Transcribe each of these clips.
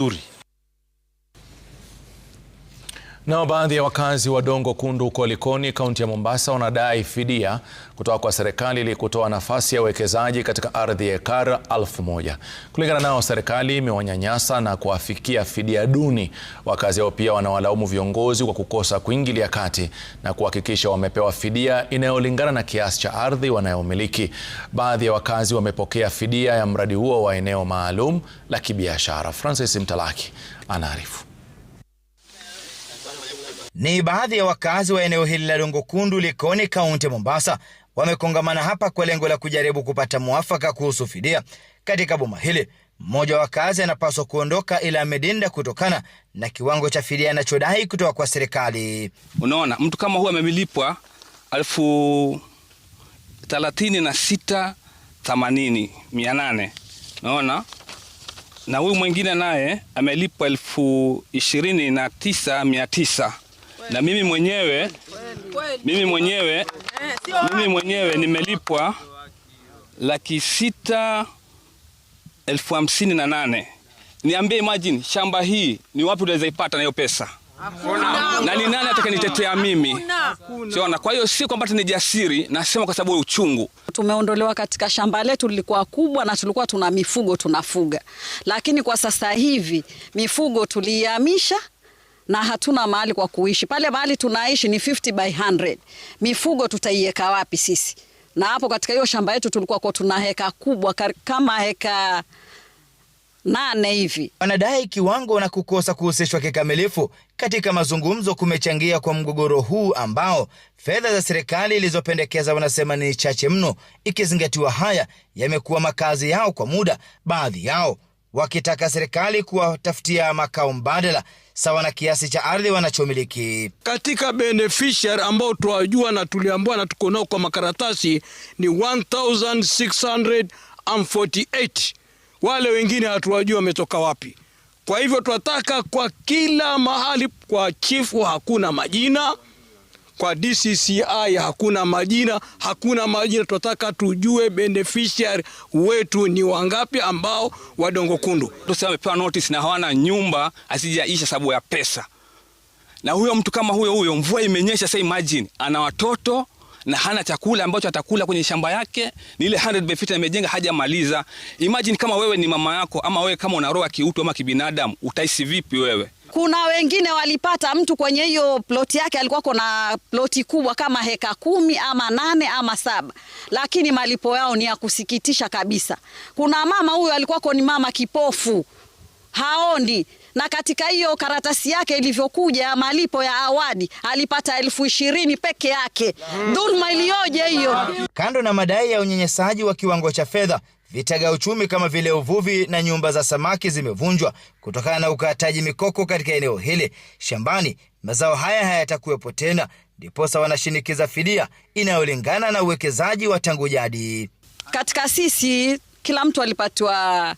Turi. Nao baadhi ya wakazi wa Dongo Kundu huko Likoni, kaunti ya Mombasa, wanadai fidia kutoka kwa serikali ili kutoa nafasi ya uwekezaji katika ardhi ya ekari elfu moja. Kulingana nao, serikali imewanyanyasa na kuwafikia fidia duni. Wakazi hao pia wanawalaumu viongozi kwa kukosa kuingilia kati na kuhakikisha wamepewa fidia inayolingana na kiasi cha ardhi wanayomiliki. Baadhi ya wakazi wamepokea fidia ya mradi huo wa eneo maalum la kibiashara. Francis Mtalaki anaarifu. Ni baadhi ya wakazi wa eneo hili la kundu Likoni, kaunti ya Mombasa wamekongamana hapa kwa lengo la kujaribu kupata mwafaka kuhusu fidia katika boma hili. Mmoja wa wakazi anapaswa kuondoka ila amedinda kutokana na kiwango cha fidia anachodai kutoka kwa serikali. Unaona, mtu kama huyu amelipwa elfu thelathini na sita themanini mia nane naona na huyu mwingine naye amelipwa elfu ishirini na tisa mia tisa na mimi mwenyewe mimi mwenyewe mimi mwenyewe nimelipwa laki sita elfu hamsini na nane. Niambie, imagine shamba hii ni wapi unaweza ipata na hiyo pesa? na ni nani atakayenitetea mimi? Siona. Kwa hiyo si kwamba ni jasiri, nasema kwa sababu uchungu. Tumeondolewa katika shamba letu, lilikuwa kubwa na tulikuwa tuna mifugo tunafuga, lakini kwa sasa hivi mifugo tuliihamisha na hatuna mahali kwa kuishi. Pale mahali tunaishi ni 50 by 100. Mifugo tutaiweka wapi sisi? Na hapo katika hiyo shamba yetu tulikuwa kwa tuna heka kubwa kama heka nane hivi. Wanadai kiwango na kukosa kuhusishwa kikamilifu katika mazungumzo kumechangia kwa mgogoro huu ambao fedha za serikali ilizopendekeza wanasema ni chache mno, ikizingatiwa haya yamekuwa makazi yao kwa muda, baadhi yao wakitaka serikali kuwatafutia makao mbadala sawa na kiasi cha ardhi wanachomiliki. Katika beneficiary ambao tuwajua na tuliambiwa na tuko nao kwa makaratasi ni 1648 wale wengine hatuwajua wametoka wapi. Kwa hivyo tunataka kwa kila mahali kwa chifu, hakuna majina kwa DCCI hakuna majina, hakuna majina. Tunataka tujue beneficiary wetu ni wangapi ambao wa Dongo Kundu. Sasa amepewa notice na hawana nyumba, asijaisha sababu ya pesa. Na huyo mtu kama huyo huyo, mvua imenyesha, sasa imagine ana watoto na hana chakula ambacho atakula kwenye shamba yake, ni ile 100 by feet amejenga hajamaliza. Imagine kama wewe ni mama yako, ama wewe kama una roho ya kiutu ama kibinadamu, utaishi vipi wewe? Kuna wengine walipata mtu kwenye hiyo ploti yake alikuwa kuna ploti kubwa kama heka kumi ama nane ama saba, lakini malipo yao ni ya kusikitisha kabisa. Kuna mama huyo alikuwa ni mama kipofu haondi na katika hiyo karatasi yake ilivyokuja malipo ya awadi alipata elfu ishirini peke yake. Dhuluma iliyoje hiyo! Kando na madai ya unyenyesaji wa kiwango cha fedha, vitaga uchumi kama vile uvuvi na nyumba za samaki zimevunjwa kutokana na ukataji mikoko katika eneo hili. Shambani mazao haya hayatakuwepo tena, ndiposa wanashinikiza fidia inayolingana na uwekezaji wa tangu jadi. Katika sisi kila mtu alipatiwa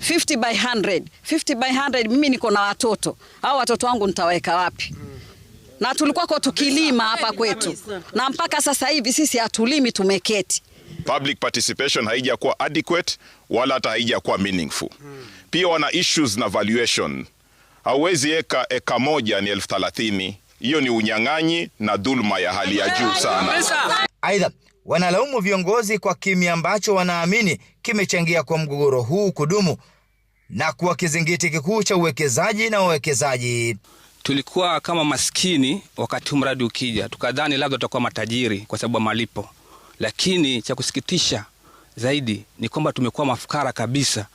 50 by 100. 50 by 100 mimi niko na watoto. Hao watoto wangu nitaweka wapi? Na kwa tukilima hapa kwetu. Na mpaka sasa hivi sisi hatulimi tumeketi. Public participation kuwa adequate wala hata kuwa meaningful. Pia wana issues na valuation. Hauwezi eka eka moja ni elfu thelathini. Hiyo ni unyang'anyi na dhuluma ya hali ya juu sana. Aidha, wanalaumu viongozi kwa kimya ambacho wanaamini kimechangia kwa mgogoro huu kudumu na kuwa kizingiti kikuu cha uwekezaji na wawekezaji. Tulikuwa kama maskini wakati huu mradi ukija, tukadhani labda tutakuwa matajiri kwa sababu ya malipo, lakini cha kusikitisha zaidi ni kwamba tumekuwa mafukara kabisa,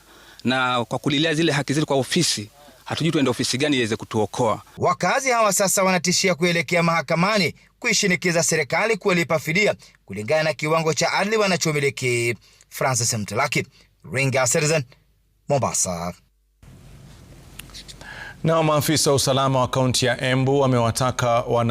na kwa kulilia zile haki zetu kwa ofisi hatujui tuende ofisi gani iweze kutuokoa. Wakazi hawa sasa wanatishia kuelekea mahakamani kuishinikiza serikali kuwalipa fidia kulingana na kiwango cha ardhi wanachomiliki. Francis Mtalaki, Ringa Citizen, Mombasa. na maafisa wa usalama wa kaunti ya Embu wamewataka wana